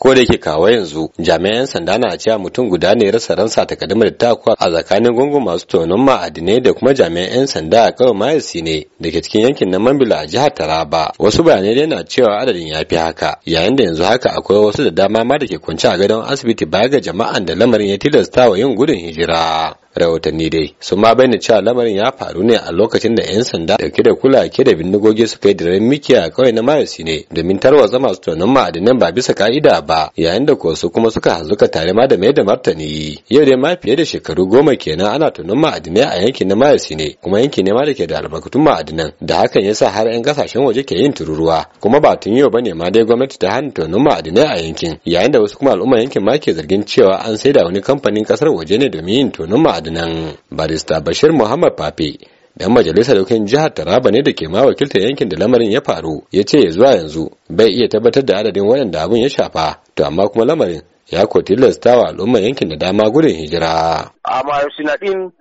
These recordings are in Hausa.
ko da yake kawo yanzu jami'an sanda na cewa mutum guda ne rasa ransa takaddamar da a tsakanin gungun masu tonon ma'adinai da kuma jami'an 'yan sanda a kawai mayasi ne da ke cikin yankin na mambila a jihar taraba wasu bayanai dai na cewa adadin ya fi haka yayin da yanzu haka akwai wasu da dama ma da ke kwanci a gadon asibiti baya ga jama'an da lamarin ya tilasta wa yin gudun hijira rahotanni dai sun ma bayyana cewa lamarin ya faru ne a lokacin da 'yan sanda dauke da kula ke da bindigogi suka yi diren miki a kawai na marasi ne domin tarwatsa masu tunanin ma'adanan ba bisa ka'ida ba yayin da kosu kuma suka hazuka tare ma da mai da martani yau dai ma fiye da shekaru goma kenan ana tunan ma'adinai a yankin na marasi ne kuma yankin ne ma da ke da albarkatun ma'adinan da hakan ya sa har 'yan kasashen waje ke yin tururuwa kuma ba tun yau ne ma dai gwamnati ta hana tunan ma'adinai a yankin yayin da wasu kuma al'umma yankin ma ke zargin cewa an saida wani kamfanin kasar waje ne domin yin tunan Adnan barista bashir muhammad fafe dan majalisar dokin jihar taraba ne da ke ma wakiltar yankin da lamarin ya faru ya ce zuwa yanzu bai iya tabbatar da adadin wayanda abun ya shafa to amma kuma lamarin ya ko tilasta wa al'ummar yankin da dama gudun hijira. amma sinadin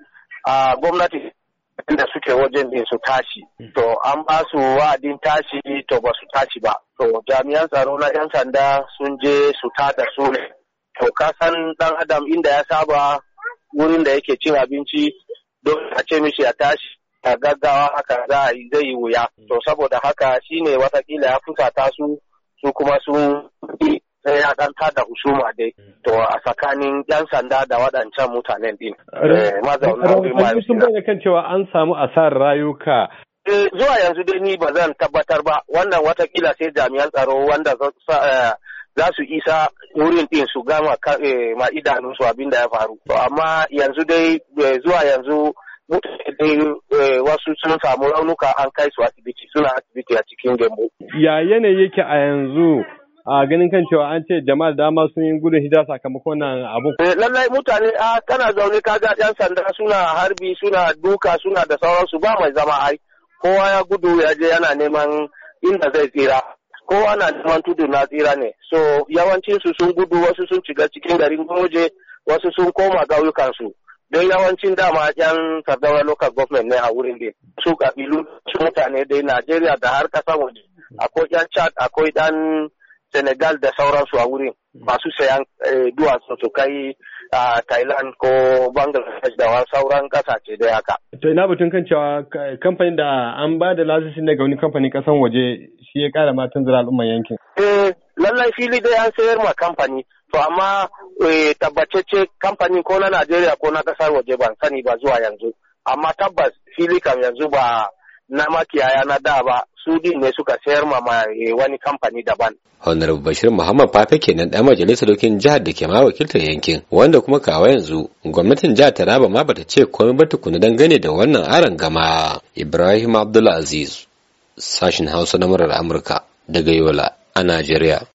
a gwamnati da suke wajen ne su tashi to an ba su wa'adin tashi to ba su tashi ba to jami'an tsaro na 'yan sanda sun je su tada su ne to ka san dan adam inda ya saba wurin da yake cin abinci don a ce mishi a tashi a gaggawa haka za a yi zai yi wuya to saboda haka shine watakila ya fusata su su kuma sun sai ya ɗan tada husuma dai to a tsakanin yan sanda da waɗancan mutanen din eh, sun bayyana kan cewa an samu asarar rayuka eh, zuwa yanzu dai ni ba zan tabbatar ba wannan watakila sai jami'an tsaro wanda za su isa wurin ɗin su gama eh, ma idanunsu abin da ya faru. Amma yanzu dai eh, zuwa yanzu eh, wasu sun samu raunuka an kai su asibiti suna asibiti a cikin gembo. Ya yanayi yake a yanzu a ganin kan cewa an ce jama'a dama sun yi gudun hijira sakamakon nan abu. Lallai mutane a kana zaune ka ga yan sanda suna harbi suna duka suna da sauransu ba mai zama ai. Kowa ya gudu ya je yana neman inda zai tsira. kowa na neman tudu na tsira ne so yawancin su sun gudu wasu sun shiga cikin garin goje wasu sun koma gauyukansu don yawancin dama yan sardawa local government ne a wurin da su kabilu su mutane dai najeriya da har kasan waje akwai yan chad akwai dan Senegal da sauransu a wurin hmm. masu sayan eh, duwatsu su kai a Thailand ko Bangladesh da sauran kasashe da haka. To ina batun kan cewa kamfanin da an ba da lasisin daga wani kamfanin kasan waje shi ya kara matan zira al'umman yankin. Eh lallai fili dai an sayar ma kamfani to amma eh, tabbacece kamfani ko na Najeriya ko na kasar waje ban sani ba zuwa yanzu amma tabbas fili kam yanzu ba na makiyaya na da ba su din ne suka sayar ma eh, wani kamfani daban. Honar Bashir Muhammad Fafe kenan ɗan majalisar dokin jihar da ke ma wakiltar yankin wanda kuma kawo yanzu gwamnatin jihar Taraba ma bata ce komai ba tukuna dangane da wannan aron gama. Ibrahim Abdulaziz sashin Hausa na murar Amurka daga Yola a Najeriya.